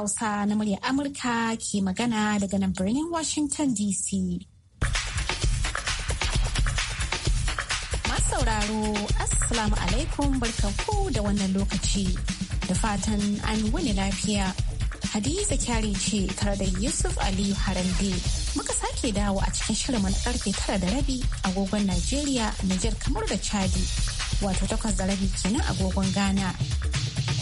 Hausa na murya Amurka ke magana daga nan birnin Washington DC. Masu sauraro, Assalamu alaikum barkanku da wannan lokaci. Da fatan an wani lafiya. Hadiza kyari ce tare da Yusuf Aliyu Harande. Muka sake dawo a cikin shirin na karfe tara da rabi agogon Najeriya, Nijar kamar da Chadi. Wato takwas da rabi kenan agogon Ghana.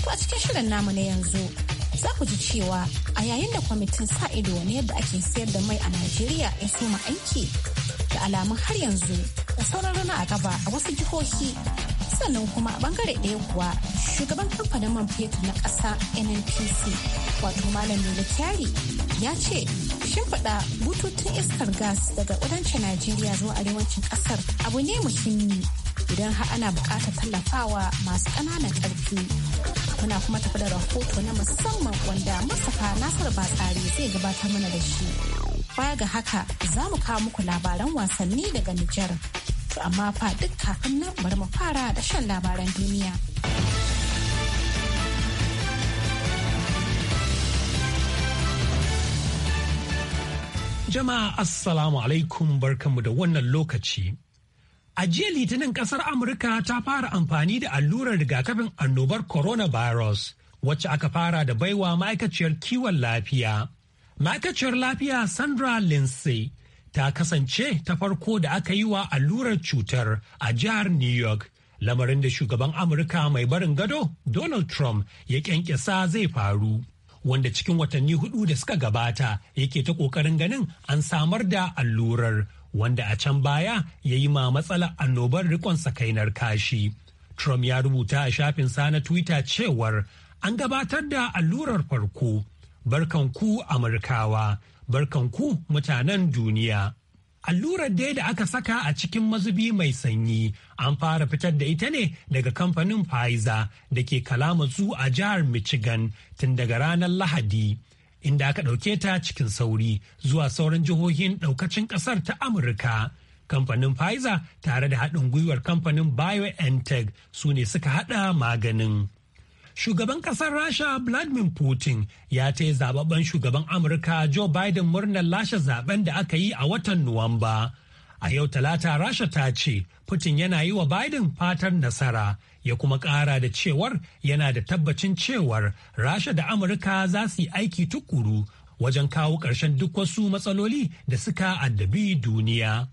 To a cikin shirin namu na yanzu za ku ji cewa a yayin da kwamitin sa ido na yadda ake sayar da mai a Najeriya ya soma aiki da alamun har yanzu da sauran runa a gaba a wasu jihohi sannan kuma a bangare ɗaya kuwa shugaban kamfanin man fetur na ƙasa nnpc wato malam nuna kyari ya ce shimfiɗa bututun iskar gas daga kudancin najeriya zuwa arewacin ƙasar abu ne muhimmi idan har ana buƙatar tallafawa masu ƙananan ƙarfi. Muna kuma tafi da rahoto na musamman wanda nasar ba Batsari zai gabatar mana da shi. Baya ga haka za mu kawo muku labaran wasanni daga Nijar. To amma fa duk kafin nan bari mu fara da shan labaran duniya. Jama'a Assalamu alaikum barkanmu da wannan lokaci. A jiya Litinin kasar Amurka ta fara amfani da allurar rigakafin annobar coronavirus wacce aka fara da baiwa ma'aikaciyar kiwon lafiya. Ma'aikaciyar lafiya Sandra Lindsay ta kasance ta farko da aka yi wa allurar cutar a jihar New York. Lamarin da shugaban Amurka mai barin gado Donald Trump ya kyankyasa zai faru. Wanda cikin watanni hudu da suka gabata yake ta ƙoƙarin ganin an samar da allurar wanda a can baya ya yi ma matsala annobar rikon sakainar kashi. Trump ya rubuta a shafin na Twitter cewar an gabatar da allurar farko. Barkan ku Amurkawa, barkan ku mutanen duniya. Allurar dai da aka saka a cikin mazubi mai sanyi an fara fitar da ita ne daga kamfanin Pfizer da ke Kalamazoo a jihar Michigan tun daga ranar Lahadi. inda aka ɗauke ta cikin sauri zuwa sauran jihohin ɗaukacin ƙasar ta Amurka. Kamfanin Pfizer tare da haɗin gwiwar kamfanin BioNTech su ne suka haɗa maganin. Shugaban ƙasar Rasha Vladimir Putin ya yi zababben shugaban Amurka Joe Biden murnar lashe zaben da aka yi a watan Nuwamba. A yau talata Rasha ta ce Putin yana yi wa Biden fatan nasara ya kuma ƙara da cewar yana da tabbacin cewar Rasha da Amurka za su yi aiki tukuru wajen kawo ƙarshen duk wasu matsaloli da suka addabi duniya.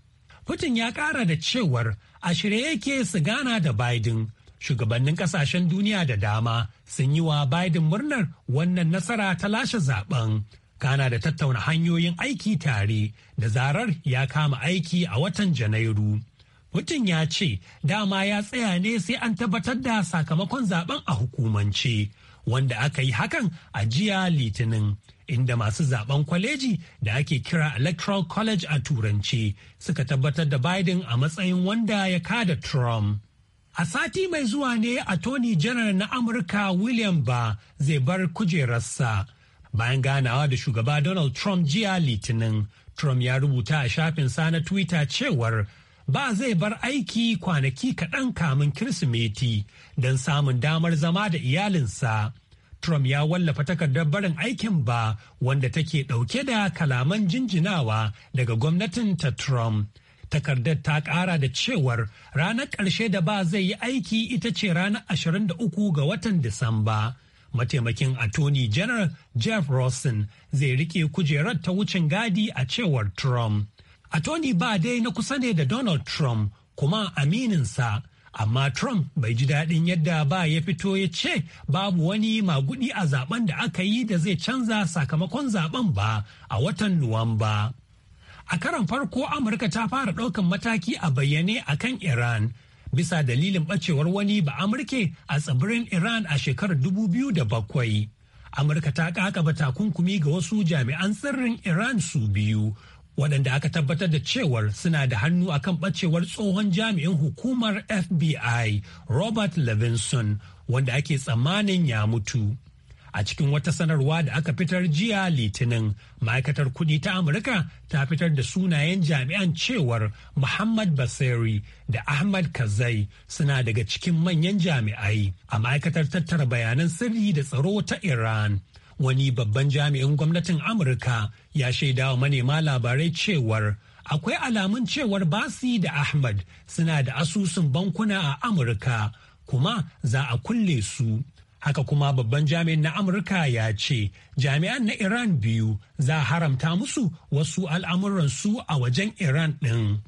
Putin ya ƙara da cewar a shirye yake su gana da Biden. Shugabannin ƙasashen duniya da dama sun yi wa Biden murnar wannan nasara ta lashe zaben. kana da tattauna hanyoyin aiki tare da zarar ya kama aiki a watan janairu mutum ya ce dama ya tsaya ne sai an tabbatar da sakamakon zaben a hukumance wanda aka yi hakan a jiya litinin inda masu zaben kwaleji da ake kira electoral college a turance suka tabbatar da Biden a matsayin wanda ya kada Trump. A sati mai zuwa ne a Tony General na Amurka William Ba zai bar kujerarsa Bayan ganawa da shugaba Donald Trump jiya Litinin, Trump ya rubuta a shafin sa na Twitter cewar ba zai bar aiki kwanaki kaɗan kamun Kirsimeti don samun damar zama da iyalinsa. Trump ya wallafa takardar barin aikin ba wanda take ɗauke da kalaman jinjinawa daga gwamnatin ta Trump. Takardar ta ƙara da cewar ranar ƙarshe da ba zai yi aiki ita ce ranar 23 ga watan Disamba. mataimakin attorney general jeff rosen zai rike kujerar ta wucin gadi a cewar trump attorney ba dai na kusa ne da donald trump kuma amininsa amma trump bai ji daɗin yadda ba ya fito ya ce babu wani magudi a zaben da aka yi da zai canza sakamakon zaben ba a watan nuwamba a karan farko amurka ta fara ɗaukan mataki a bayyane akan iran bisa dalilin bacewar wani ba Amurke a tsibirin Iran a shekarar dubu biyu da bakwai. Amurka ta kakaba takunkumi ga wasu jami'an tsirrin Iran su biyu waɗanda aka tabbatar da cewar suna da hannu akan ɓacewar tsohon jami'in hukumar FBI Robert Levinson wanda ake tsammanin ya mutu. A cikin wata sanarwa da aka fitar jiya Litinin, ma'aikatar kuɗi ta Amurka ta fitar da sunayen jami'an cewar Muhammad Basiri da Ahmad Kazai suna daga cikin manyan jami'ai a ma'aikatar tattara bayanan sirri da tsaro ta Iran. Wani babban jami'in gwamnatin Amurka ya shaidawa manema labarai cewar akwai alamun cewar Basi da Ahmad suna da asusun bankuna a Amurka kuma za a kulle su. Haka kuma babban jami'in na Amurka ya ce jami'an na Iran biyu za haramta musu wasu al'amuransu a wajen Iran ɗin.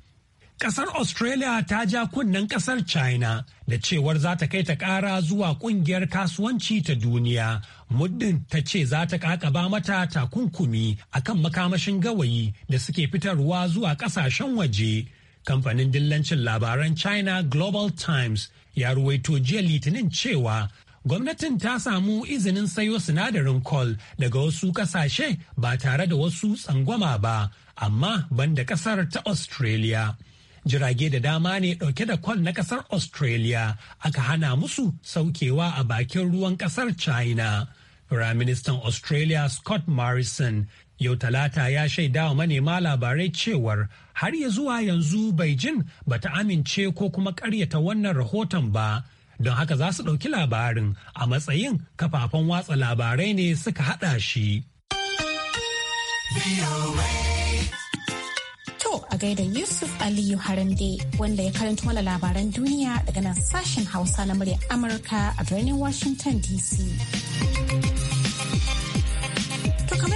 Ƙasar Australia ta ja kunnen ƙasar China da cewar za ta kai ta ƙara zuwa ƙungiyar kasuwanci ta duniya. Muddin ta ce za ta ƙaƙaba mata takunkumi a kan makamashin gawayi da suke fitarwa zuwa ƙasashen waje. Kamfanin dillancin labaran China Global Times ya ruwaito jiya litinin cewa gwamnatin ta samu izinin sayo sinadarin kol daga wasu kasashe ba tare da wasu tsangwama ba amma banda kasar ta australia jirage da dama ne dauke da Kwal na kasar australia aka hana musu saukewa a bakin ruwan kasar china firaministan australia scott morrison yau talata ya shaida wa manema labarai cewar har ya zuwa yanzu beijing bata amince ko kuma karyata wannan rahoton ba don haka za su ɗauki labarin a matsayin kafafen watsa labarai ne suka haɗa shi. To a gaida Yusuf Aliyu Harande wanda ya karanta mana labaran duniya daga nan sashen Hausa na murya Amurka a birnin Washington DC.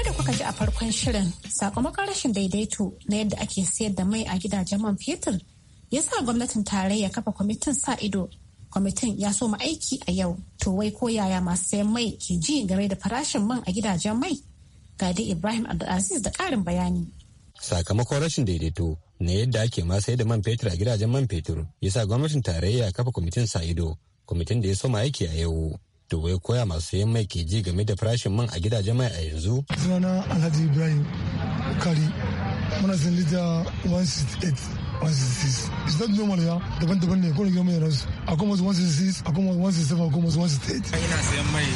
da kuka ji a farkon shirin sakamakon rashin daidaito na yadda ake sayar da mai a gidajen man fetur ya sa gwamnatin tarayya kafa kwamitin sa ido kwamitin ya soma aiki a yau to wai ko yaya masu sayan mai ke ji game da farashin man a gidajen mai gadi ibrahim abdulaziz da karin bayani sakamakon rashin daidaito na yadda ake ma sai da man fetur a gidajen man fetur yasa gwamnatin tarayya kafa kwamitin sa ido kwamitin da ya soma aiki a yau to wai koya masu sayan mai ke ji game da farashin man a gidajen mai a yanzu sunana alhaji ibrahim kari muna sun lita 168 166 is not normal ya daban-daban ne kowane gidan mai yana su akwai masu 166 akwai masu 167 akwai masu 168 ina sayan mai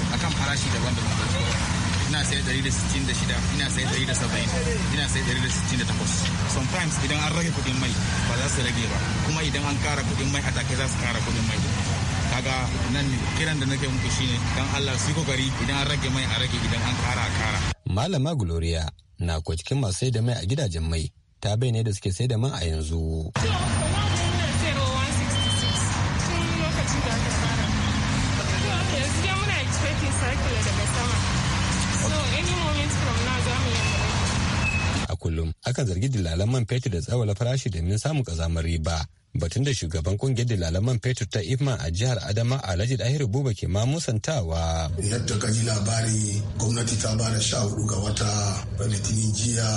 da sittin da shida. ina sai 166 ina sai 170 ina sai 168 sometimes idan an rage kudin mai ba za su rage ba kuma idan an kara kudin mai a take za su kara kudin mai kaga nan kiran da nake muku shine dan Allah su kokari idan an rage mai a rage idan an kara a kara malama gloria na ko cikin masu sai da mai a gidajen mai ta bayyana da suke sai da man a yanzu. a kullum akan zargi dilalan man fetur da tsawala farashi domin samun kazamar riba batun da shugaban kungiyar dilalan man fetur ta ifma a jihar adama a alhaji dahir buba ke ma musantawa yadda ka ji labari gwamnati ta bada sha hudu ga wata litinin jiya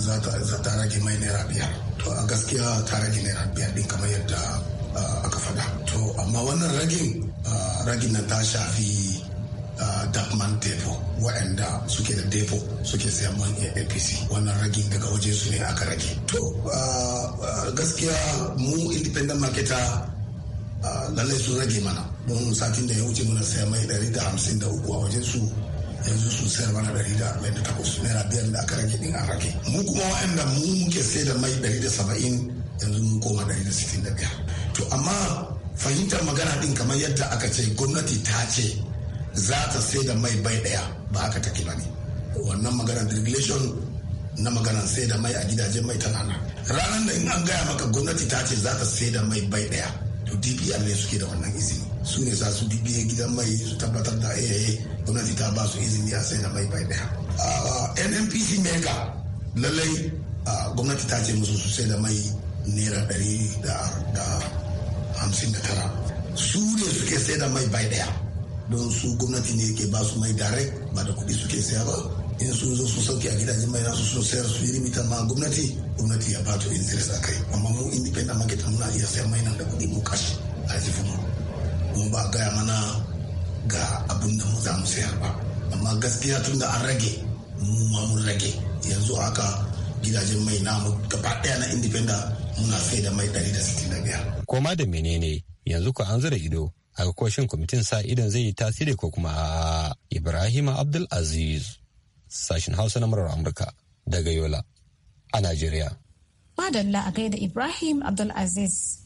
za ta rage mai naira biyar to a gaskiya ta rage naira biyar din kamar yadda aka faɗa to amma wannan ragin ragin na ta shafi Dapman Depo waɗanda suke da Depo suke sayan man APC wannan ragin daga waje su ne aka rage. To gaskiya mu independent marketer lallai sun rage mana mun satin da ya wuce muna sayan mai 153 a wajen su yanzu sun sayar mana dari da arba'in da takwas naira biyar da aka rage ɗin an rage mu kuma wa'anda mu muke sai da mai dari da saba'in yanzu mun koma dari da sittin da biyar to amma fahimtar magana ɗin kamar yadda aka ce gwamnati ta ce za ta sai da mai bai ɗaya ba aka taki ba ne wannan maganar regulation na maganar sai da mai a gidajen mai tana nan ranar da in an gaya maka gwamnati ta ce za ta sai da mai bai ɗaya to dpr ne suke da wannan izini su ne za su bibiye gidan mai su tabbatar da eh, eh gwamnati ta ba su izini a sai da mai bai daya ah, nnpc mega lallai ah, gwamnati ta ce musu su sai da mai naira ɗari da hamsin da tara su ne suke sai da mai bai daya don su gwamnati ne ke ba su mai dare ba da kuɗi suke saya ba in sun zo su sauke a gidajen mai nasu sun sayar su yi limita ma gwamnati gwamnati ya ba to interest a kai amma mu independent market muna iya sayar mai nan da kuɗi mu kashi a jifin mu mun ba gaya mana ga abin da mu za mu sayar ba amma gaskiya tun da an rage mu ma mun rage yanzu haka gidajen mai namu gaba daya na independent muna sai da mai 165 koma da menene yanzu ko an zura ido a kwashin kwamitin sa idan zai yi tasiri ko kuma a ibrahim abdul aziz sashin hausa na murar amurka daga yola a najeriya madalla a gaida ibrahim abdul aziz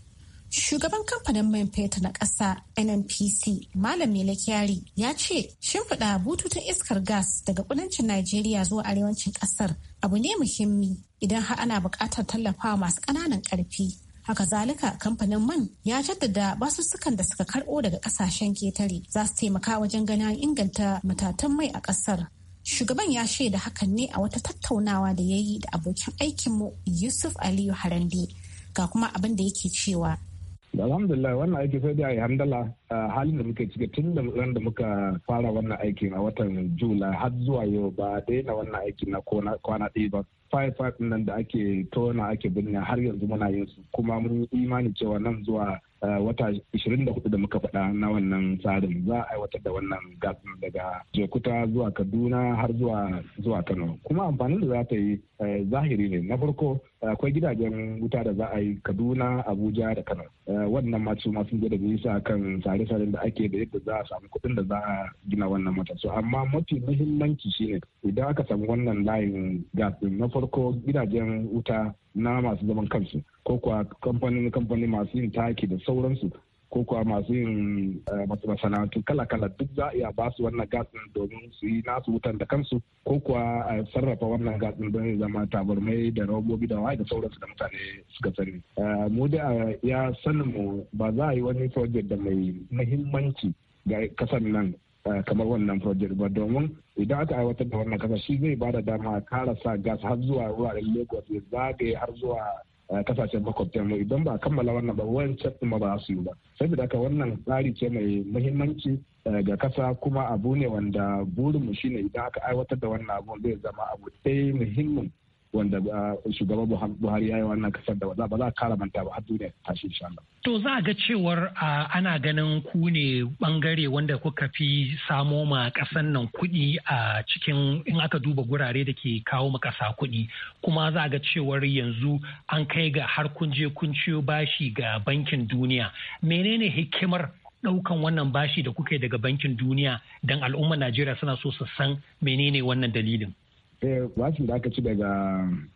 Shugaban kamfanin man fetur na ƙasa NNPC Malam Mele Kyari ya ce shimfiɗa bututun iskar gas daga kudancin Najeriya zuwa arewacin ƙasar abu ne muhimmi idan har ana buƙatar tallafawa masu ƙananan ƙarfi. Haka zalika kamfanin man ya jaddada basussukan da suka karɓo daga ƙasashen ketare za su taimaka wajen ganin inganta matatan mai a ƙasar. Shugaban ya shaida hakan ne a wata tattaunawa da ya yi da abokin aikinmu Yusuf Aliyu Harande ga kuma abin da yake cewa. alhamdulillah wannan aiki sai dai handala halin da muke ciki tun da da muka fara wannan aikin a watan jula har zuwa yau ba daina wannan aikin na kwana ɗaya ba fire nan da ake tona ake binne har yanzu muna yin su kuma mun imani cewa nan zuwa Eh, wata 24 da muka faɗa na wannan tsarin za a aiwatar da wannan gas daga jokuta zuwa kaduna har zuwa zuwa kano kuma amfanin da za ta yi eh, zahiri ne na farko akwai gidajen wuta da za a yi kaduna abuja da kano eh, wannan masu masu da nisa kan tsare-tsaren da ake da yadda za a samu kuɗin da za a gina wannan mata so amma mafi muhimmanci shine idan aka samu wannan layin gas na farko gidajen wuta na masu zaman kansu ko kuwa kamfanin kamfanin masu yin taki da sauransu ko kuwa masu yin eh, masana'antu kala-kala duk za a iya ba su wannan gasin domin su yi nasu wutan da kansu ko kuwa sarrafa wannan gasin don ya zama tabarmai da robobi da waye da sauransu da mutane suka sani. Eh, mu da ya sanin mu ba za a yi wani project da mai muhimmanci ga kasar nan Eh, kamar wannan project ba domin idan aka aiwatar da wannan kasa shi zai bada da dama kara sa gas har zuwa wuraren lagos ya zagaye har zuwa eh, kasashen makwabtan mu idan ba a kammala wannan ba wancan kuma ba su yi ba saboda haka wannan tsari ce mai muhimmanci eh, ga kasa kuma abu ne wanda burinmu shine idan aka aiwatar da wannan abu zai zama abu ɗaya muhimmin wanda ah, shugaban Buhari ya yi wannan kasar da ba za a kara manta ba har duniya shi insha Allah. To za a ga cewar ah, ana ganin ku ne bangare wanda kuka fi samo ma kasan nan kuɗi a cikin in aka duba gurare da ke kawo ma kasa kuɗi kuma za a ga cewar yanzu an kai ga har kun je kun ciyo bashi ga bankin duniya menene hikimar ɗaukan wannan bashi da kuke daga bankin duniya don al'ummar Najeriya suna so su san menene wannan dalilin. Eh, bashi da aka ci daga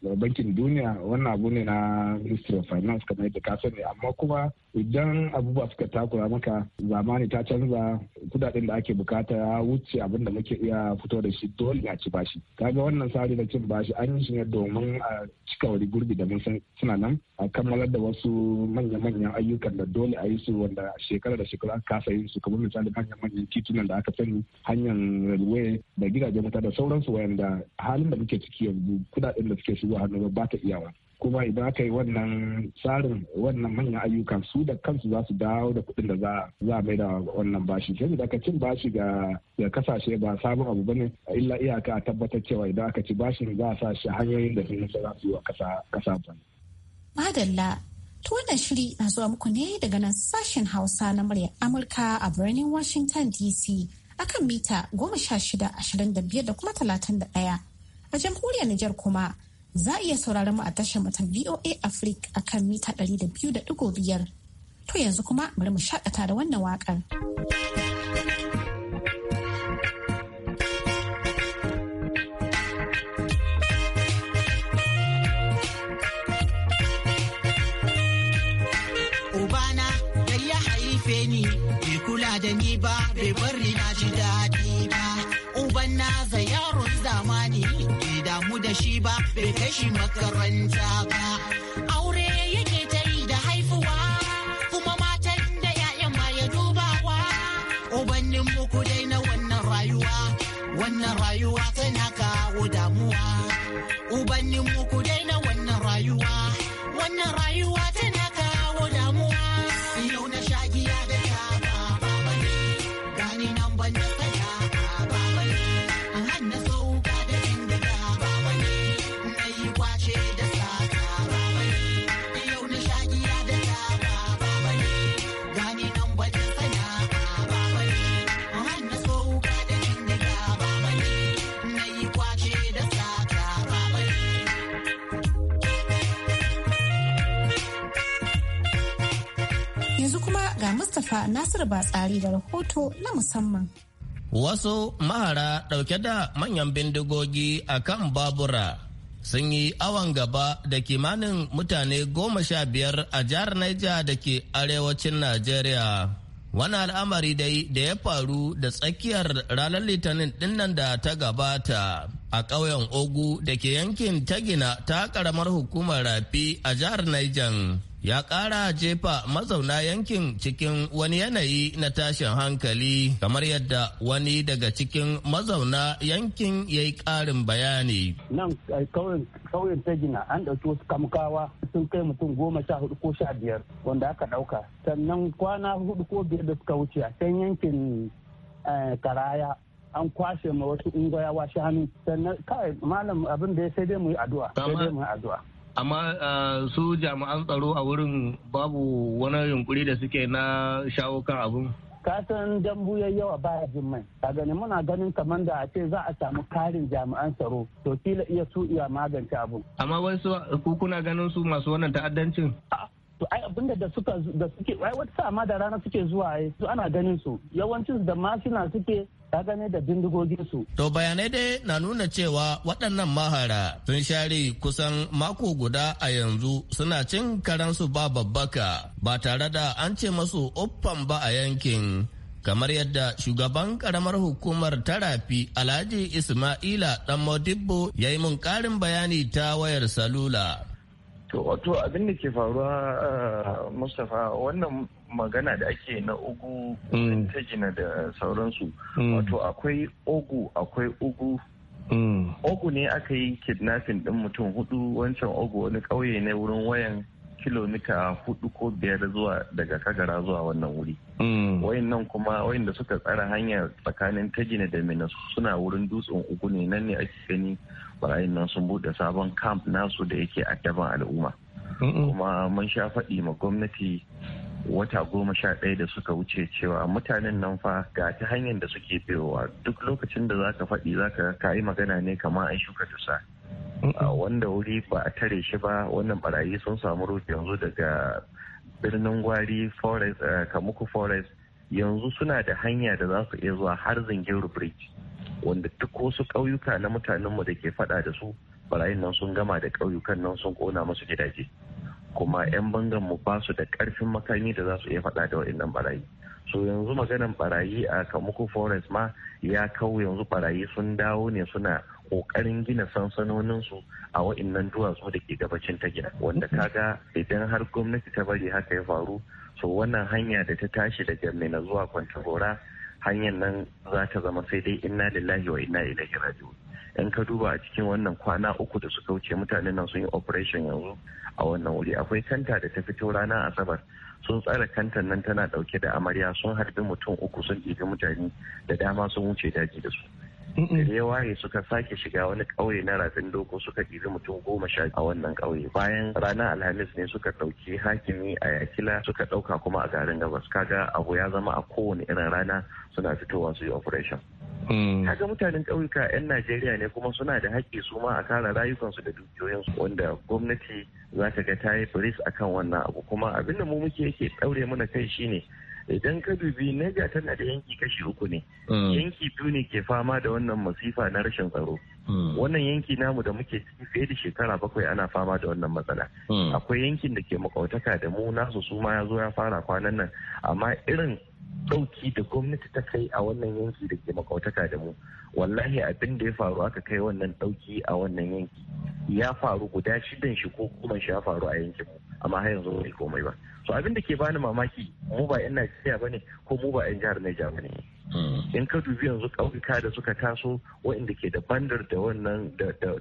bankin duniya wannan abu ne na ministry of finance kamar yadda ka sani amma kuma idan abubuwa suka takura maka zamani ta canza kudaden da ake bukata ya wuce abin da muke iya fito da shi dole a ci bashi kaga wannan sari na cin bashi an yi shi ne domin a cika wani gurbi da mun suna nan a kammalar da wasu manya-manyan ayyukan da dole a yi su wanda shekara da shekara aka kasa yin su kamar misali manya-manyan titunan da aka sani hanyar railway da gidajen wuta da sauransu wayanda har halin da muke ciki yanzu kudaden da suke shigo hannu ba ta iyawa kuma idan aka yi wannan tsarin wannan manyan ayyukan su da kansu za su dawo da kuɗin da za a mai da wannan bashi sai da aka cin bashi ga kasashe ba sabon abu bane illa iyaka a tabbatar cewa idan aka ci bashin za a sa shi hanyoyin da sun za su yi wa kasa ba. madalla to wannan shiri na zuwa muku ne daga nan sashen hausa na murya amurka a birnin washington dc akan mita goma sha shida ashirin da biyar da kuma talatin da ɗaya A jamhuriyar Nijar kuma za a iya sauraron mu a tashar mu ta VOA Africa a kan mita biyar, To yanzu kuma bari mu shakata da wannan waƙar. na da ya haife ni, bai da ni ba, bai bari na ji daɗi ba. Uban na za zamani. da shi ba bai kai shi makaranta ba aure yake ta yi da haifuwa kuma matan da 'ya'yan ma ya dubawa ubannin muku dai na wannan rayuwa wannan rayuwa tana kawo damuwa ubannin muku dai na wannan rayuwa wannan rayuwa tana Mustapha Nasiru Batsari da rahoto na musamman. Wasu mahara ɗauke da manyan bindigogi a kan babura sun yi awon gaba da kimanin mutane goma sha biyar a jihar Niger da ke arewacin Najeriya. Wani al'amari dai da ya faru da tsakiyar ranar Litinin dinnan da ta gabata a ƙauyen Ogu da ke yankin Tagina ta ƙaramar hukumar Rafi a jihar Niger. ya ƙara jefa mazauna yankin cikin wani yanayi na tashin hankali kamar yadda wani daga cikin mazauna yankin ya yi ƙarin bayani. Nan eh, kauyen ta gina an ɗauki wasu kamkawa sun kai mutum goma sha hudu ko sha biyar wanda aka ɗauka. Sannan kwana hudu ko biyar da suka wuce a can yankin eh, karaya an kwashe ma wasu wa shanu sannan kawai malam abin da ya sai dai mu yi addu'a. Sai dai mu yi addu'a. amma ah, su jami'an tsaro a wurin babu wani yunkuri da suke na shawo kan abin kasan dambu ya yawa baya jin mai a gani muna ganin kamar da a ce za a samu karin jami'an tsaro to kila iya su iya magance abu amma wai su kuna ganin su masu wannan ta'addancin to ai abin da suka da suke ai wata sama da rana suke zuwa ai to ana ganin su yawancin da mashina suke ta gane da bindigogin su to bayanai dai na nuna cewa waɗannan mahara sun share kusan mako guda a yanzu suna cin karansu ba babbaka ba tare da an ce masu uffan ba a yankin kamar yadda shugaban karamar hukumar tarafi alhaji ismaila dan modibbo ya yi mun karin bayani ta wayar salula To wato abin da ke faruwa eh, Mustapha wannan magana da ake na ugu mm. ta gina da sauransu. Mm. Wato akwai ogu akwai ugu. Ogu mm. ne aka yi kidnapping din mutum hudu wancan ogu wani kauye ne wurin wayan kilomita hudu ko biyar zuwa daga kagara zuwa wannan wuri mm. wayannan kuma wayanda suka tsara hanya tsakanin tajina da mina suna wurin dutsen uku ne nan ne ake gani barayin nan sun bude sabon camp nasu da yake addaban al'umma kuma mun sha faɗi ma gwamnati wata goma sha ɗaya da suka wuce cewa mutanen nan fa ga ta hanyar da suke bewa duk lokacin da zaka faɗi zaka ka yi magana ne kamar an shuka tusa Ah, wanda wuri ba a tare shi ba wannan barayi sun samu rufe yanzu daga birnin gwari forest a ah, kamuku forest yanzu suna da hanya da za su iya zuwa har zingiru bridge wanda duk wasu ƙauyuka na mutanenmu da ke faɗa da su barayin nan sun gama da ƙauyukan nan sun ƙona musu gidaje kuma 'yan bangan mu ba su da ƙarfin makami da za su iya fada da waɗannan barayi so yanzu maganan barayi a kamuku forest ma ya kau yanzu barayi sun dawo ne suna kokarin gina sansanonin a wa'annan duwatsu da ke gabacin ta gida wanda kaga idan har gwamnati ta bari haka ya faru so wannan hanya da ta tashi daga na zuwa kwantagora hanyar nan za ta zama sai dai inna lillahi wa inna ilaihi raji'un in ka duba a cikin wannan kwana uku da suka wuce mutanen nan sun yi operation yanzu a wannan wuri akwai kanta da ta fito ranar asabar sun tsara kantan nan tana dauke da amarya sun harbi mutum uku sun ɗibi mutane da dama sun wuce daji da su da ya waye suka sake shiga wani ƙauye na rafin doko suka ɗiri mutum goma sha a wannan ƙauye bayan ranar alhamis ne suka ɗauki hakimi a yakila suka ɗauka kuma a garin gabas kaga abu ya zama a kowane irin rana suna fitowa su yi operation mm. kaga mutanen ƙauyuka 'yan najeriya ne kuma suna da haƙƙi su ma a kare rayukansu da dukiyoyinsu wanda gwamnati za ta ga ta yi a akan wannan abu kuma abinda mu muke yake ɗaure mana kai shine idan ka dubi Niger tana da yanki kashi uku ne mm. yanki biyu ne ke fama da wannan masifa na rashin tsaro mm. wannan yanki namu da muke ciki fiye da shekara bakwai ana fama da wannan matsala mm. akwai yankin da ke makautaka da mu nasu su ma ya zo ya fara kwanan nan amma irin dauki da gwamnati ta kai a wannan yanki da ke makautaka da mu wallahi abin da ya faru aka kai wannan dauki a wannan yanki ya faru guda shidan shi ko kuma shi ya faru a yankin mu amma har yanzu bai komai ba so abin da ke bani mamaki mu ba yan Najeriya bane ko mu ba yan jihar Niger bane hmm. in ka dubi yanzu ƙauyuka da suka taso waɗanda ke da bandar da wannan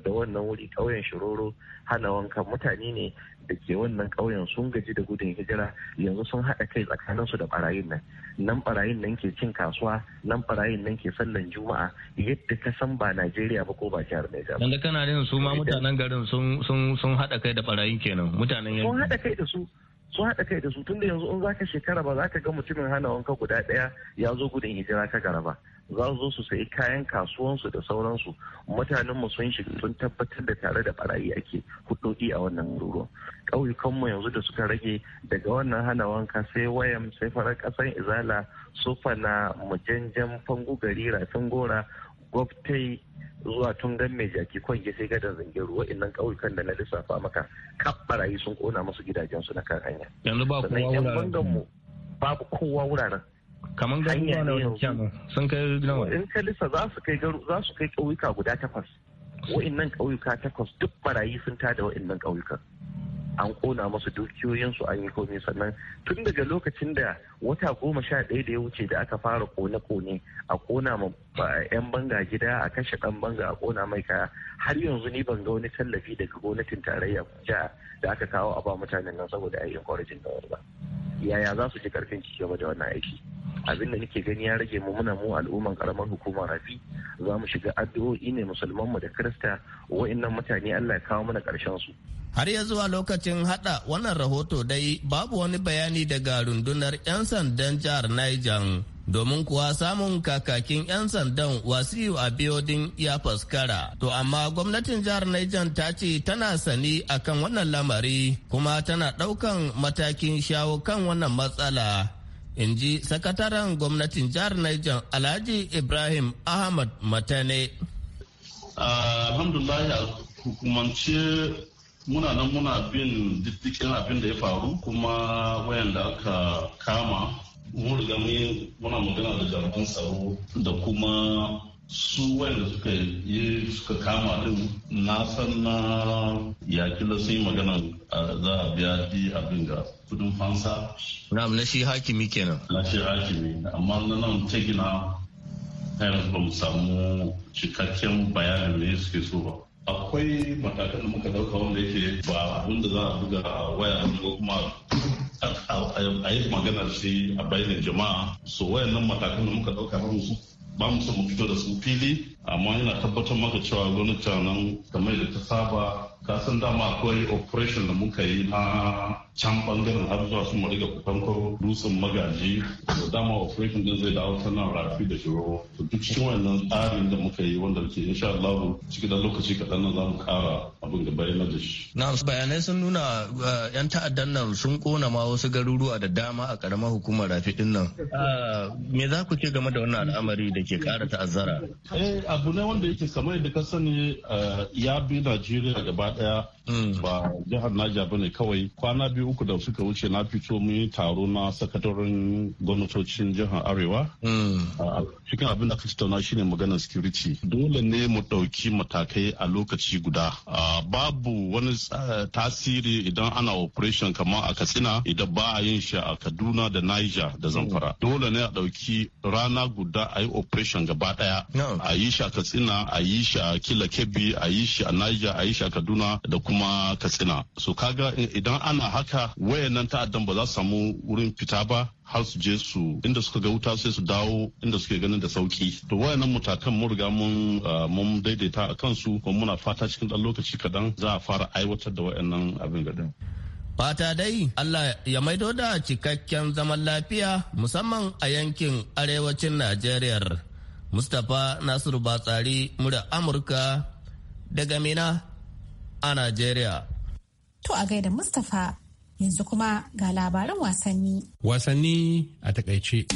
da wannan wuri kauyen shiroro hana wanka mutane ne da ke wannan ƙauyen sun gaji da gudun hijira yanzu sun haɗa kai tsakaninsu da barayin nan nan barayin nan ke cin kasuwa nan barayin nan ke sallan juma'a yadda ka san ba najeriya ba ko ba jihar niger yanzu kana nan su ma mutanen garin sun haɗa kai da barayin kenan mutanen yanzu sun haɗa kai da su sun haɗa kai da su tunda yanzu in zaka shekara ba za ka ga mutumin hana wanka guda ɗaya ya zo gudun hijira ka gara ba za su zo su sayi kayan kasuwansu da sauransu mutanenmu sun shiga sun tabbatar da tare da barayi ake hudodi a wannan ruruwa ƙauyukanmu yanzu da suka rage daga wannan hana wanka sai wayan sai farar ƙasan izala sufana mujanjan fangu gari rafin gora gwabtai zuwa tun gan mai jaki kwange sai gadan zangin ruwa innan ƙauyukan da na lissafa maka kap barayi sun kona musu gidajensu na kan hanya yanzu ba kowa wuraren kamar garuruwa na wani sun kai nawa in ka lissa za su kai za su kai ƙauyuka guda takwas wa'innan ƙauyuka takwas duk barayi sun tada wa'annan ƙauyukan an kona musu dukiyoyinsu an yi komai sannan tun daga lokacin da wata goma sha ɗaya da ya wuce da aka fara kone-kone a kona ma 'yan banga gida a kashe ɗan banga a kona mai kaya har yanzu ni ban ga wani tallafi daga gwamnatin tarayya jiha da aka kawo a ba mutanen nan saboda ayyukan kwarajin da ba yaya za su ji karfin ci gaba da wannan aiki abin da nake gani ya rage mu muna mu al'umman karamar hukumar rafi za mu shiga addu'o'i ne musulman mu da kirista wa'annan mutane Allah ya kawo mana karshen su har ya zuwa lokacin hada wannan rahoto dai babu wani bayani daga rundunar 'yan sandan jihar niger domin kuwa samun kakakin 'yan sandan wasiyu a biyodin ya faskara. To amma gwamnatin jihar Niger ta ce tana sani akan wannan lamari kuma tana ɗaukan matakin shawo kan wannan matsala. In ji sakataren gwamnatin jihar Niger Alhaji Ibrahim Ahmad Matane. Ah, alhamdulillah hukumance muna nan muna bin diddikin abin da ya faru kuma wayanda aka kama mun riga muna magana da jami'an tsaro da kuma su wayanda suka yi suka kama din na san na yaki sai magana za a biya di abin ga kudin fansa na'am na shi hakimi kenan na shi hakimi amma na nan ta gina har ba mu samu cikakken bayanin me suke so ba akwai matakan da muka dauka wanda yake ba wanda za a buga a waya ko kuma a yi magana shi a bayanin jama'a so wayannan matakan da muka dauka ba musu ba musu mu fito da su fili amma yana tabbatar maka cewa gwamnati nan kamar da ta saba kasan dama akwai operation da muka yi na can bangaren har zuwa su mariga kukankar rusun magaji da dama operation din zai dawo ta nan rafi da shiro to duk cikin wannan tsarin da muka yi wanda ke insha Allah cikin da lokaci kaɗan nan za mu kara abin da bayyana da shi. na bayanai sun nuna eh, yan ta'addan nan sun kona ma wasu garuruwa da dama a karamar hukumar rafi din nan. Eh, me za ku ce game da wannan al'amari da ke kara ta'azzara? eh abu ne wanda yake kamar yadda ka sani eh, ya bi Najeriya gaba yeah. Mm. ba jihar Naja ba ne kawai kwana biyu uku da suka wuce na fito mun yi taro na sakataren gwamnatocin jihar Arewa. Mm. Cikin abin da aka tattauna shine magana security. Dole ne mu ɗauki matakai a lokaci guda. Babu wani tasiri idan ana operation kamar a Katsina idan ba a yin shi a Kaduna da Niger da Zamfara. Mm. Dole ne a ɗauki rana guda a yi operation gaba ɗaya. A yi shi a Katsina, a yi shi a Kila Kebbi, a yi shi a Niger, a yi shi a Kaduna da kuma kuma katsina so kaga eh, idan ana haka wayannan ta'addan ba za su samu wurin fita ba har su je su inda suka ga wuta sai su dawo inda suke ganin da sauki to wayannan mutakan mun riga mun ah, mun daidaita a kansu kuma muna fata cikin dan lokaci kadan za a fara aiwatar da wayannan abin gadin Fata dai Allah ya maido da cikakken zaman lafiya musamman a yankin arewacin Najeriya. Mustapha Nasiru Batsari mura Amurka daga Mina a Najeriya. To a gaida Mustapha yanzu kuma ga labaran wasanni. Wasanni a takaice.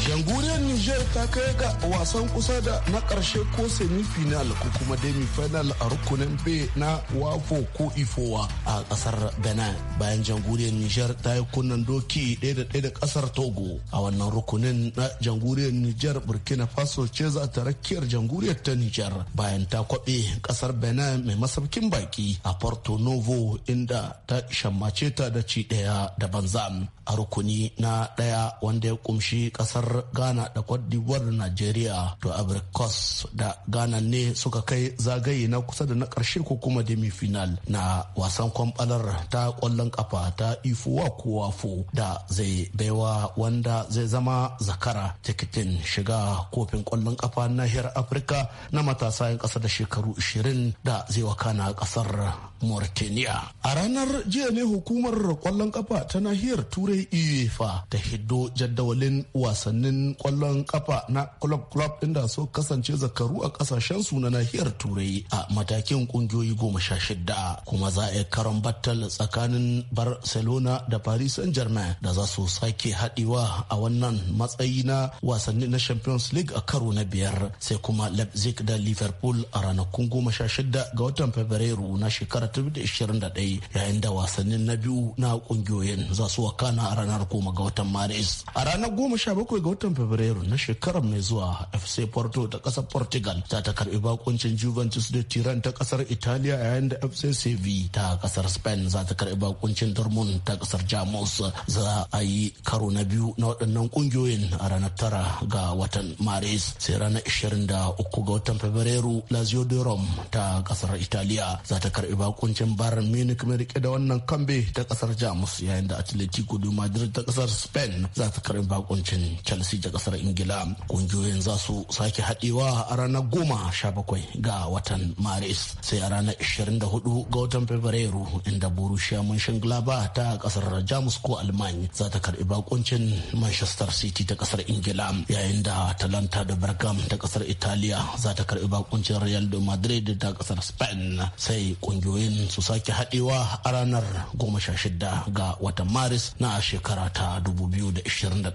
Shangure Niger ta kai ga wasan kusa da na ƙarshe ko semi-final ko kuma demi-final a rukunin B na wafo ko ifowa a ƙasar Benin bayan jamhuriyar Niger ta yi kunnan doki ɗaya da ɗaya da ƙasar Togo a wannan rukunin na jamhuriyar Niger Burkina Faso ce za ta rakiyar jamhuriyar ta Niger bayan ta kwaɓe ƙasar Benin mai masaukin baki a Porto Novo inda ta shammace ta da ci ɗaya da banza a rukuni na ɗaya wanda ya kumshi ƙasar Ghana da Côte d'Ivoire da Najeriya to Abrikos da Ghana ne suka kai zagaye na kusa da na ƙarshe ko kuma demi-final na wasan kwamɓalar ta ƙwallon ƙafa ta wa kuwafo da zai baiwa wanda zai zama zakara tikitin shiga kofin ƙwallon ƙafa nahiyar Afirka na matasa 'yan ƙasa da shekaru 20 da zai wakana ƙasar Mauritania. A ranar jiya ne hukumar ƙwallon ƙafa ta nahiyar Turai UEFA ta hiddo jadawalin wasannin ƙwallon kwallon kafa na club club inda so kasance zakaru a kasashen su na nahiyar turai a matakin kungiyoyi goma sha shida kuma za a yi karon battal tsakanin barcelona da paris saint germain da za su sake haɗewa a wannan matsayi na wasanni na champions league a karo na biyar sai kuma leipzig da liverpool a ranakun goma sha shida ga watan fabrairu na da 2021 yayin da wasannin na biyu na kungiyoyin za su wakana a ranar goma ga watan maris a ranar goma sha bakwai ga watan fabrairu na shekarar mai zuwa FC Porto ta kasar Portugal za ta karbi bakuncin Juventus da Tiran ta kasar Italiya yayin da FC Sevilla ta kasar Spain za ta karbi bakuncin Dortmund ta kasar Jamus za a yi karo na biyu na waɗannan kungiyoyin a ranar tara ga watan Maris sai ranar 23 ga watan Fabrairu Lazio de Rome ta kasar Italiya za ta karbi bakuncin Bayern Munich mai rike da wannan kambe ta kasar Jamus yayin da Atletico de Madrid ta kasar Spain za ta karbi bakuncin Chelsea ta kasar ingila kungiyoyin za su sake haɗewa a ranar goma sha bakwai ga watan maris sai a ranar ishirin da hudu ga watan fabrairu inda borussia mönchengladbach ta kasar jamus ko alman za ta karɓi bakuncin manchester city ta kasar ingila yayin da talanta da bergam ta kasar italiya za ta karɓi bakuncin real de madrid ta kasar spain sai kungiyoyin su sake haɗewa a ranar goma sha shida ga watan maris na shekara ta dubu biyu da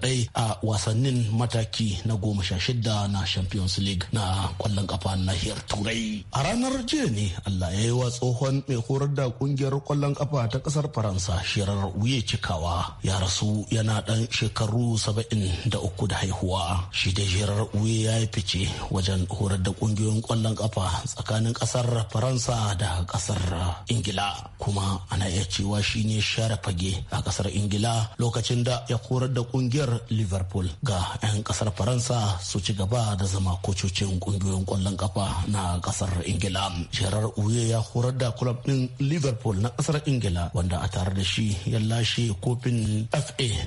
ɗaya a wasannin mata mataki na goma sha shida na champions league na kwallon kafa nahiyar turai a ranar jiya ne allah ya yi wa tsohon mai horar da kungiyar kwallon kafa ta kasar faransa shirar wuye cikawa ya rasu yana dan shekaru saba'in da uku da haihuwa shi da shirar wuye ya yi fice wajen horar da kungiyoyin kwallon kafa tsakanin kasar faransa da kasar ingila kuma ana iya cewa shi ne share fage a kasar ingila lokacin da ya horar da kungiyar liverpool ga 'yan kasar faransa su ci gaba da zama kococin kungiyoyin kwallon kafa na kasar ingila shirar uye ya horar da club din liverpool na kasar ingila wanda a tare da shi ya lashe kofin fa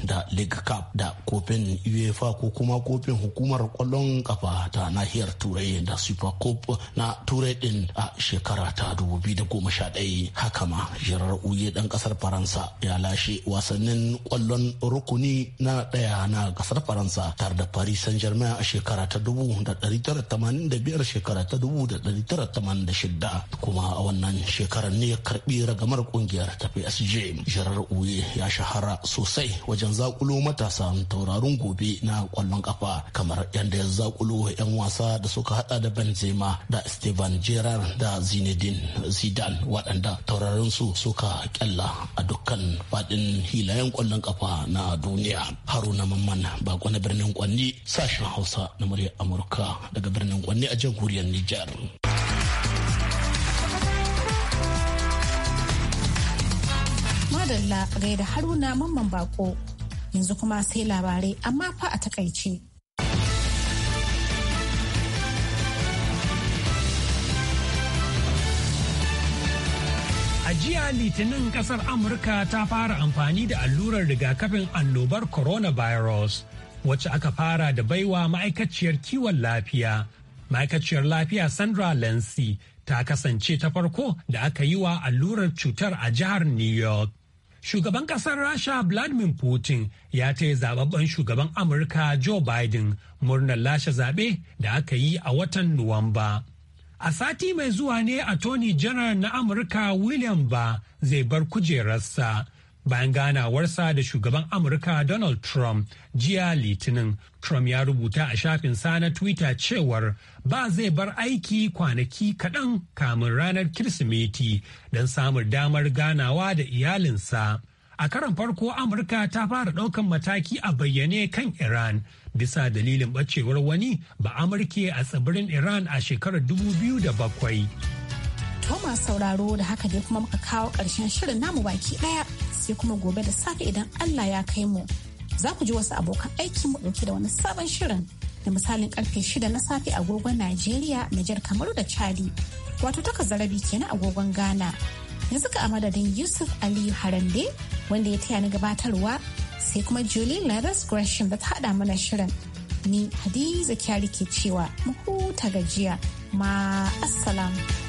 da league cup da kofin uefa ko kuma kofin hukumar kwallon kafa ta nahiyar turai da super cup na turai din a shekara ta 2011 haka ma shirar uye dan kasar faransa ya lashe wasannin kwallon rukuni na daya na kasar faransa tare da paris saint germain a shekara ta 1985 shekara ta 1986 kuma a wannan shekarar ne ya karbi ragamar kungiyar ta psg jirar uye ya shahara sosai wajen zakulo matasa taurarin gobe na kwallon kafa kamar yadda ya zakulo 'yan wasa da suka hada da benzema da steven gerrard da zinedine zidane waɗanda taurarin su suka kyalla a dukkan faɗin hilayen kwallon kafa na duniya haruna mamman ba na birnin kwanni sashen Hausa na muryar Amurka daga birnin Gwanne a jamhuriyar Nijar. Madalla gaida Haruna Mamman Bako yanzu kuma sai labarai amma fa a takaice. A jiya litinin kasar Amurka ta fara amfani da allurar rigakafin annobar coronavirus wacce aka fara da baiwa ma'aikaciyar kiwon lafiya. Ma'aikaciyar lafiya Sandra Lancy ta kasance ta farko da aka yi wa allurar cutar a jihar New York. Shugaban kasar Rasha Vladimir Putin ya yi zababben shugaban Amurka Joe Biden murnar lashe zaɓe da aka yi a watan Nuwamba. A sati mai zuwa ne a Tony General na Amurka William Barr zai bar kujerarsa bayan ganawarsa da shugaban amurka donald trump jiya litinin trump ya rubuta a shafin sa na twitter cewar ba zai bar aiki kwanaki kaɗan kamun ranar kirsimeti don samun damar ganawa da iyalinsa a karon farko amurka ta fara ɗaukan mataki a bayyane kan iran bisa dalilin ɓacewar wani ba amurke a tsibirin iran a shekarar bakwai. Thomas sauraro da haka dai kuma muka kawo ƙarshen shirin namu baki ɗaya sai kuma gobe da safe idan Allah ya kai mu za ku ji wasu abokan aiki mu ɗauke da wani sabon shirin da misalin karfe shida na safe a agogon Najeriya, Nijar Kamaru da Chadi wato takas zarabi kenan agogon Ghana. Yanzu ka a madadin Yusuf Aliyu Harande wanda ya taya ni gabatarwa sai kuma Julie Lawrence Gresham da ta hada mana shirin. Ni Hadiza Kyari ke cewa mu huta gajiya ma assalamu.